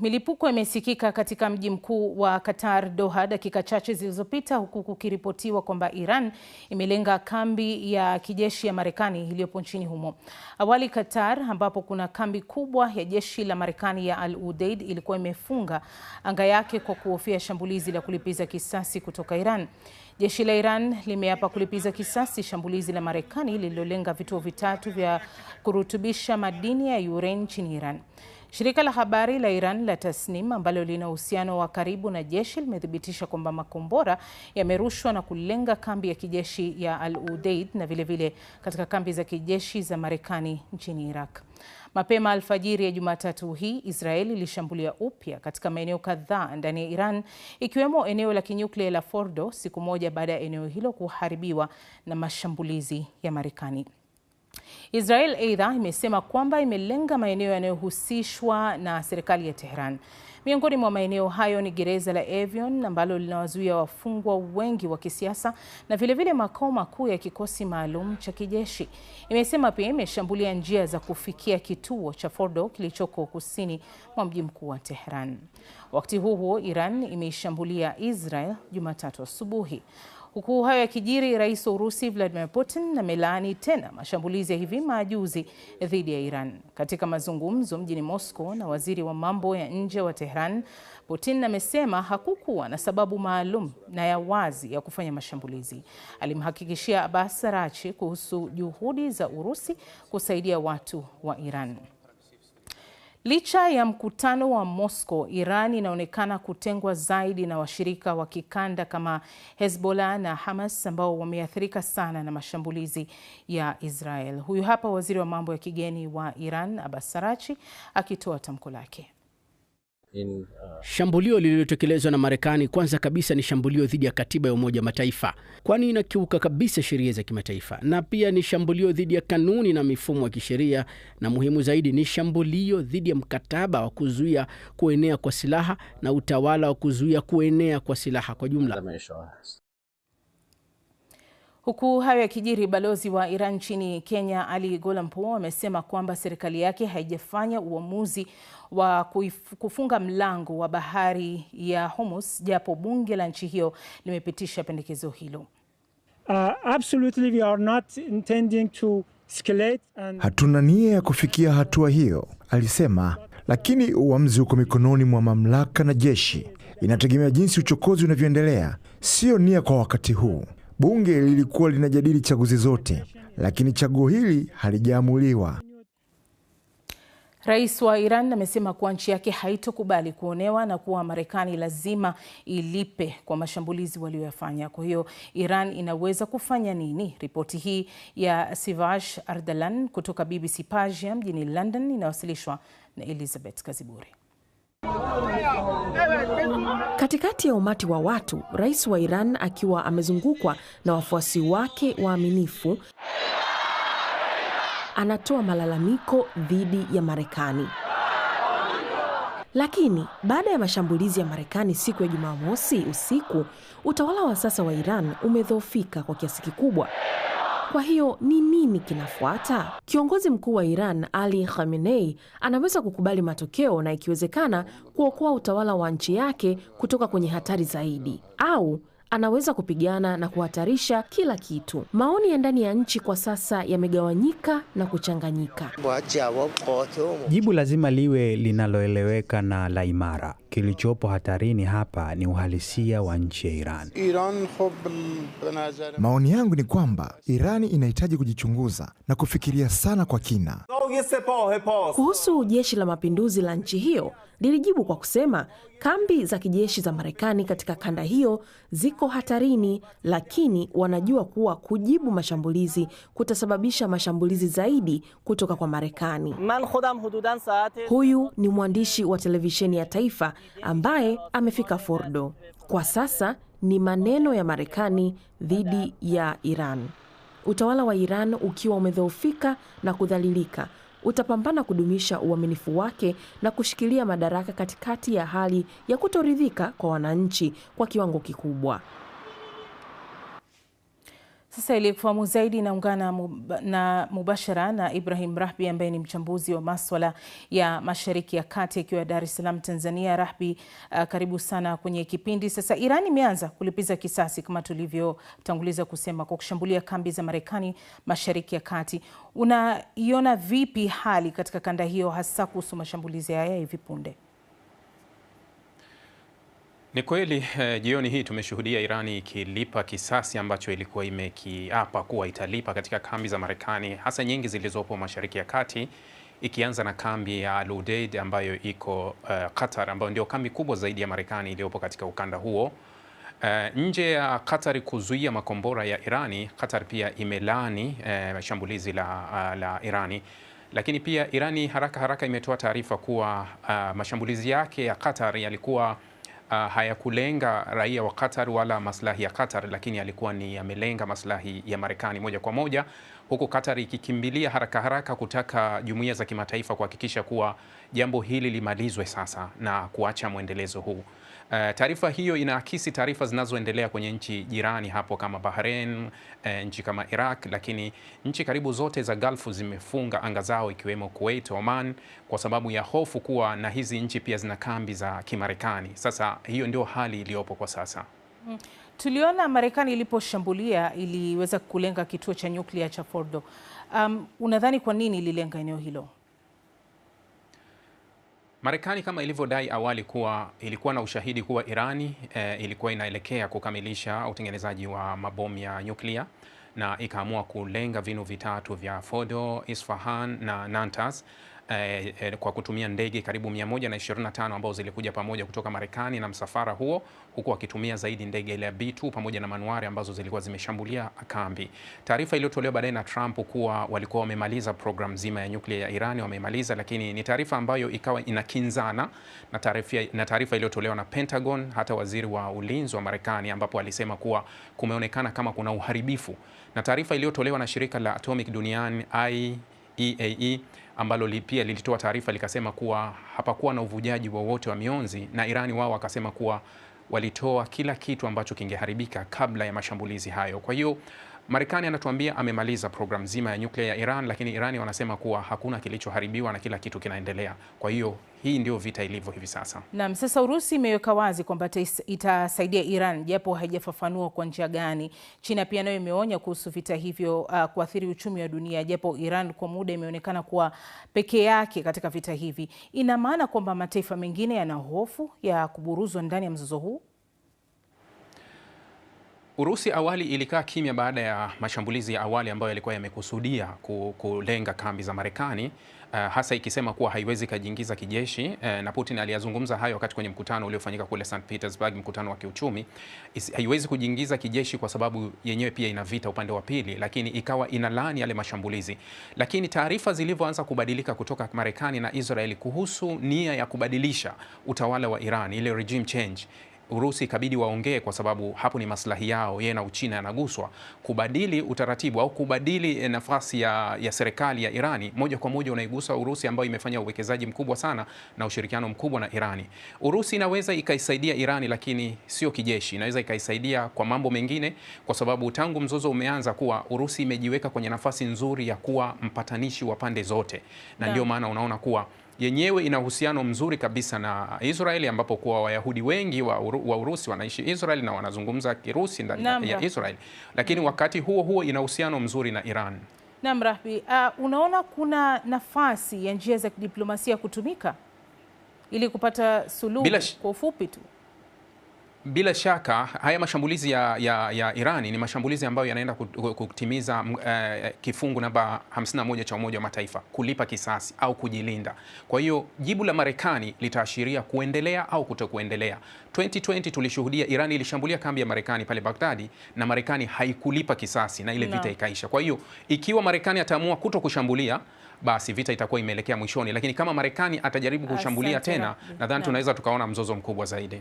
milipuko imesikika katika mji mkuu wa Qatar, Doha, dakika chache zilizopita huku kukiripotiwa kwamba Iran imelenga kambi ya kijeshi ya Marekani iliyopo nchini humo. Awali, Qatar ambapo kuna kambi kubwa ya jeshi la Marekani ya Al Udeid ilikuwa imefunga anga yake kwa kuhofia shambulizi la kulipiza kisasi kutoka Iran. Jeshi la Iran limeapa kulipiza kisasi shambulizi la Marekani lililolenga vituo vitatu vya kurutubisha madini ya urani nchini Iran. Shirika la habari la Iran la Tasnim ambalo lina uhusiano wa karibu na jeshi limethibitisha kwamba makombora yamerushwa na kulenga kambi ya kijeshi ya Al Udeid na vilevile vile katika kambi za kijeshi za Marekani nchini Iraq. Mapema alfajiri ya Jumatatu hii, Israeli ilishambulia upya katika maeneo kadhaa ndani ya Iran ikiwemo eneo la kinyuklia la Fordo, siku moja baada ya eneo hilo kuharibiwa na mashambulizi ya Marekani. Israel aidha imesema kwamba imelenga maeneo yanayohusishwa na serikali ya Tehran. Miongoni mwa maeneo hayo ni gereza la Evion ambalo linawazuia wafungwa wengi wa kisiasa na vilevile makao makuu ya kikosi maalum cha kijeshi. Imesema pia imeshambulia njia za kufikia kituo cha Fordo kilichoko kusini mwa mji mkuu wa Tehran. Wakati huo huo, Iran imeishambulia Israel Jumatatu asubuhi. Huku hayo yakijiri, rais wa Urusi Vladimir Putin amelaani tena mashambulizi ya hivi majuzi dhidi ya Iran. Katika mazungumzo mjini Moscow na waziri wa mambo ya nje wa Tehran, Putin amesema hakukuwa na sababu maalum na ya wazi ya kufanya mashambulizi. Alimhakikishia Abbas Arachi kuhusu juhudi za Urusi kusaidia watu wa Iran. Licha ya mkutano wa Moscow, Iran inaonekana kutengwa zaidi na washirika wa kikanda kama Hezbollah na Hamas ambao wameathirika sana na mashambulizi ya Israel. Huyu hapa waziri wa mambo ya kigeni wa Iran, Abbas Araghchi akitoa tamko lake in, uh... Shambulio lililotekelezwa na Marekani kwanza kabisa ni shambulio dhidi ya katiba ya Umoja Mataifa, kwani inakiuka kabisa sheria za kimataifa, na pia ni shambulio dhidi ya kanuni na mifumo ya kisheria, na muhimu zaidi ni shambulio dhidi ya mkataba wa kuzuia kuenea kwa silaha na utawala wa kuzuia kuenea kwa silaha kwa jumla. Huku hayo yakijiri, balozi wa Iran nchini Kenya Ali Golampo amesema kwamba serikali yake haijafanya uamuzi wa kufunga mlango wa bahari ya Hormuz japo bunge la nchi hiyo limepitisha pendekezo hilo. Uh, absolutely we are not intending to escalate and... hatuna nia ya kufikia hatua hiyo, alisema, lakini uamuzi uko mikononi mwa mamlaka na jeshi. Inategemea jinsi uchokozi unavyoendelea, sio nia kwa wakati huu. Bunge lilikuwa linajadili chaguzi zote, lakini chaguo hili halijaamuliwa. Rais wa Iran amesema kuwa nchi yake haitokubali kuonewa na kuwa Marekani lazima ilipe kwa mashambulizi walioyafanya. Kwa hiyo Iran inaweza kufanya nini? Ripoti hii ya Sivash Ardalan kutoka BBC Persia mjini London inawasilishwa na Elizabeth Kaziburi. Katikati ya umati wa watu, rais wa Iran akiwa amezungukwa na wafuasi wake waaminifu anatoa malalamiko dhidi ya Marekani. Lakini baada ya mashambulizi ya Marekani siku ya Jumamosi usiku, utawala wa sasa wa Iran umedhoofika kwa kiasi kikubwa. Kwa hiyo ni nini kinafuata? Kiongozi mkuu wa Iran Ali Khamenei anaweza kukubali matokeo na ikiwezekana kuokoa utawala wa nchi yake kutoka kwenye hatari zaidi, au anaweza kupigana na kuhatarisha kila kitu. Maoni ya ndani ya nchi kwa sasa yamegawanyika na kuchanganyika. Jibu lazima liwe linaloeleweka na la imara. Kilichopo hatarini hapa ni uhalisia wa nchi ya Iran. Maoni yangu ni kwamba Irani inahitaji kujichunguza na kufikiria sana kwa kina. Kuhusu jeshi la mapinduzi la nchi hiyo, lilijibu kwa kusema kambi za kijeshi za Marekani katika kanda hiyo ziko hatarini, lakini wanajua kuwa kujibu mashambulizi kutasababisha mashambulizi zaidi kutoka kwa Marekani. Huyu ni mwandishi wa televisheni ya taifa ambaye amefika Fordo. Kwa sasa ni maneno ya Marekani dhidi ya Iran. Utawala wa Iran ukiwa umedhoofika na kudhalilika utapambana kudumisha uaminifu wake na kushikilia madaraka katikati ya hali ya kutoridhika kwa wananchi kwa kiwango kikubwa. Sasa ili kufahamu zaidi naungana na mubashara na Ibrahim Rahbi ambaye ni mchambuzi wa maswala ya Mashariki ya Kati akiwa Dar es Salaam, Tanzania. Rahbi, uh, karibu sana kwenye kipindi. Sasa Iran imeanza kulipiza kisasi kama tulivyotanguliza kusema kwa kushambulia kambi za Marekani Mashariki ya Kati. Unaiona vipi hali katika kanda hiyo hasa kuhusu mashambulizi haya hivi punde? Ni kweli eh, jioni hii tumeshuhudia Irani ikilipa kisasi ambacho ilikuwa imekiapa kuwa italipa katika kambi za Marekani hasa nyingi zilizopo Mashariki ya Kati ikianza na kambi ya Al Udeid ambayo iko uh, Qatar ambayo ndio kambi kubwa zaidi ya Marekani iliyopo katika ukanda huo. Uh, nje ya Qatar kuzuia makombora ya Irani, Qatar pia imelaani uh, eh, shambulizi la, uh, la Irani lakini pia Irani haraka haraka imetoa taarifa kuwa uh, mashambulizi yake ya Qatar yalikuwa uh, hayakulenga raia wa Qatar wala maslahi ya Qatar, lakini yalikuwa ni yamelenga maslahi ya Marekani moja kwa moja, huku Qatar ikikimbilia haraka haraka kutaka jumuiya za kimataifa kuhakikisha kuwa jambo hili limalizwe sasa na kuacha mwendelezo huu. Uh, taarifa hiyo inaakisi taarifa zinazoendelea kwenye nchi jirani hapo kama Bahrain, uh, nchi kama Iraq, lakini nchi karibu zote za Gulf zimefunga anga zao ikiwemo Kuwait, Oman kwa sababu ya hofu kuwa na hizi nchi pia zina kambi za Kimarekani. Sasa hiyo ndio hali iliyopo kwa sasa. Mm. Tuliona Marekani iliposhambulia iliweza kulenga kituo cha nyuklia cha Fordo. Um, unadhani kwa nini ililenga eneo hilo? Marekani kama ilivyodai awali kuwa ilikuwa na ushahidi kuwa Irani e, ilikuwa inaelekea kukamilisha utengenezaji wa mabomu ya nyuklia na ikaamua kulenga vinu vitatu vya Fordo, Isfahan na Natanz eh, eh, kwa kutumia ndege karibu 125 ambao zilikuja pamoja kutoka Marekani na msafara huo, huku wakitumia zaidi ndege ile ya B2 pamoja na manuari ambazo zilikuwa zimeshambulia kambi. Taarifa iliyotolewa baadaye na Trump kuwa walikuwa wamemaliza programu nzima ya nyuklia ya Irani wamemaliza, lakini ni taarifa ambayo ikawa inakinzana na taarifa iliyotolewa na Pentagon, hata waziri wa ulinzi wa Marekani ambapo alisema kuwa kumeonekana kama kuna uharibifu na taarifa iliyotolewa na shirika la Atomic duniani EAE e, ambalo pia lilitoa taarifa likasema kuwa hapakuwa na uvujaji wowote wa, wa mionzi na Irani wao wakasema kuwa walitoa kila kitu ambacho kingeharibika kabla ya mashambulizi hayo. Kwa hiyo Marekani anatuambia amemaliza programu nzima ya nyuklia ya Iran, lakini Irani wanasema kuwa hakuna kilichoharibiwa na kila kitu kinaendelea. Kwa hiyo hii ndio vita ilivyo hivi sasa. Naam, sasa Urusi imeweka wazi kwamba itasaidia Iran japo haijafafanua kwa njia gani. China pia nayo imeonya kuhusu vita hivyo uh, kuathiri uchumi wa dunia japo Iran kwa muda imeonekana kuwa pekee yake katika vita hivi. Ina maana kwamba mataifa mengine yana hofu ya kuburuzwa ndani ya mzozo huu? Urusi awali ilikaa kimya baada ya mashambulizi ya awali ambayo yalikuwa yamekusudia kulenga kambi za Marekani uh, hasa ikisema kuwa haiwezi kajiingiza kijeshi uh, na Putin aliyazungumza hayo wakati kwenye mkutano uliofanyika kule St Petersburg, mkutano wa kiuchumi. Haiwezi kujiingiza kijeshi kwa sababu yenyewe pia ina vita upande wa pili, lakini ikawa inalaani yale mashambulizi. Lakini taarifa zilivyoanza kubadilika kutoka Marekani na Israeli kuhusu nia ya kubadilisha utawala wa Iran, ile regime change Urusi ikabidi waongee kwa sababu hapo ni maslahi yao, yeye na Uchina yanaguswa, kubadili utaratibu au kubadili eh, nafasi ya, ya serikali ya Irani, moja kwa moja unaigusa Urusi ambayo imefanya uwekezaji mkubwa sana na ushirikiano mkubwa na Irani. Urusi inaweza ikaisaidia Irani, lakini sio kijeshi, inaweza ikaisaidia kwa mambo mengine, kwa sababu tangu mzozo umeanza kuwa Urusi imejiweka kwenye nafasi nzuri ya kuwa mpatanishi wa pande zote, na ndio maana unaona kuwa yenyewe ina uhusiano mzuri kabisa na Israeli, ambapo kuwa Wayahudi wengi wa, uru, wa Urusi wanaishi Israeli na wanazungumza Kirusi ndani ya Israeli, lakini wakati huo huo ina uhusiano mzuri na Iran. Naam, Rahbi, uh, ah, unaona kuna nafasi ya njia za kidiplomasia kutumika ili kupata suluhu? Kwa ufupi tu bila shaka haya mashambulizi ya, ya, ya Irani ni mashambulizi ambayo yanaenda kutimiza uh, kifungu namba 51 cha Umoja wa Mataifa, kulipa kisasi au kujilinda. Kwa hiyo jibu la Marekani litaashiria kuendelea au kutokuendelea. 2020 tulishuhudia Irani ilishambulia kambi ya Marekani pale bagdadi na Marekani haikulipa kisasi na ile no. vita ikaisha. Kwa hiyo ikiwa Marekani ataamua kuto kushambulia basi vita itakuwa imeelekea mwishoni, lakini kama Marekani atajaribu kushambulia tena, nadhani tunaweza tukaona mzozo mkubwa zaidi.